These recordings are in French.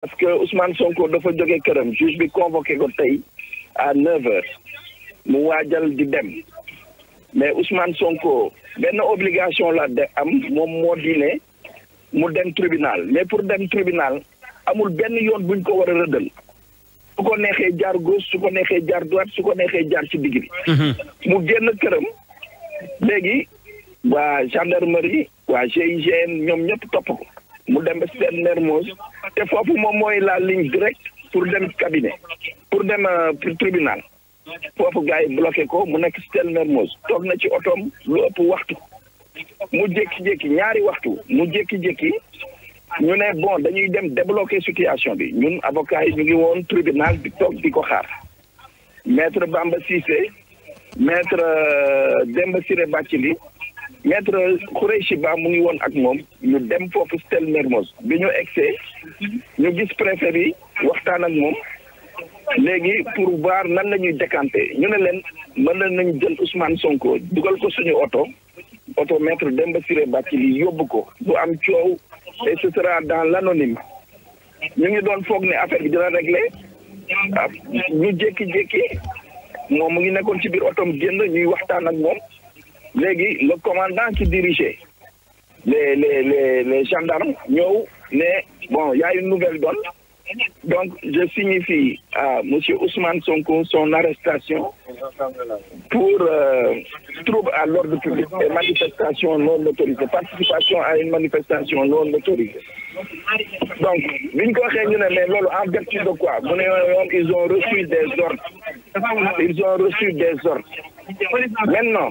parce que Ousmane Sonko dafa jóge këram juge bi convoqué ko tey à neuf heures mu waajal di dem mais Ousmane Sonko benn obligation la de am moom moo di mu dem tribunal mais pour dem tribunal amul benn yoon buñ ko war a rëddal su ko neexee jaar gauche su ko neexee jaar droite su ko neexee jaar ci digg bi mhm. mu génn këram léegi waa gendarmerie waa GIGN ñoom ñëpp topp ko mu dem ba Sicap Mermoz te foofu moom mooy la ligne directe pour dem cabinet pour dem euh, tribunal foofu gars yi bloqué ko mu nekk Sicap Mermoz toog na ci otoom lu ëpp waxtu mu jékki-jékki ñaari waxtu mu jékki-jékki ñu ne bon dañuy dem débloquer situation bi ñun avocat yi ñu ngi woon tribunal di toog di ko xaar maître Bamba Cissé maître euh, Demba Ciré Bathily maître Khoureychi Ba mu ngi woon ak moom ñu dem foofu Stèle Mermoz bi ñu egsee ñu gis préfet bi waxtaan ak moom léegi pour voir nan la ñuy décanter ñu ne leen mën na nañ jël Ousmane Sonko dugal ko suñu oto oto maître Demba Ciré Bathily yóbbu ko bu am coow et ce sera dans l'anonyme ñu ngi doon foog ni affaire bi dina réglé ah, ñu jékki-jékki moom mu ngi nekkoon ci biir otom génn ñuy waxtaan ak moom le commandant qui dirigeait les les les gendarmes mais mais y a une nouvelle donne donc je signifie à monsieur Ousmane Sonko son arrestation pour euh, trouble à l'ordre public et manifestation non autorisée participation à une manifestation non autorisée donc en vertu de quoi ils ont reçu des ordres ils ont reçu des ordres maintenant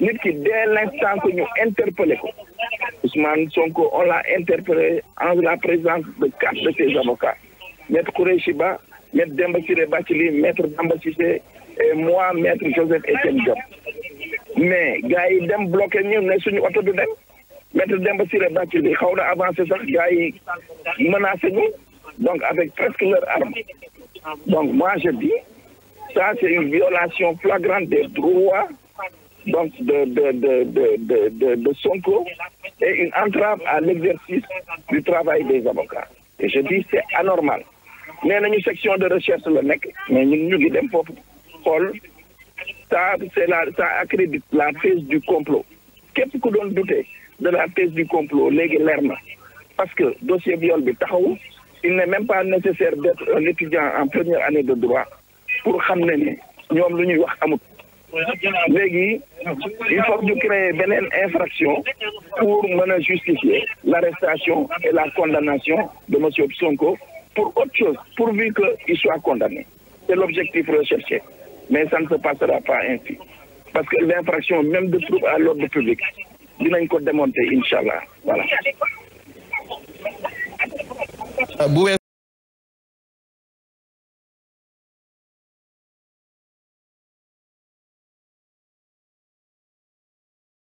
Nous, qui dès l'instant que nous interpellons, Ousmane Sonko on l'a interpellé en la présence de quatre de ses avocats maître Kouré maître Dembassire Batili, maître Demba et moi maître Joseph Etienne Job. mais gars ils ont bloqué nous, ne sur notre du maître Demba Batili, quand on a avancé ça, gars ils menacé nous donc avec presque leur arme donc moi je dis ça c'est une violation flagrante des droits donc de, de, de, de, Sonko une entrave à l'exercice du travail des avocats. Et je dis c'est anormal. Mais une section de recherche le mec, mais nous Paul ça, ça accrédite la thèse du complot. Qu'est-ce que nous douter de la thèse du complot, Parce que dossier viol de il n'est même pas nécessaire d'être un étudiant en première année de droit pour ramener nous avons il faut je créer une infraction pour justifier l'arrestation et la condamnation de M. Psonko pour autre chose pourvu qu'il soit condamné c'est l'objectif recherché mais ça ne se passera pas ainsi parce que l'infraction même de trouble à l'ordre public il ko démonter inshallah voilà. Ah,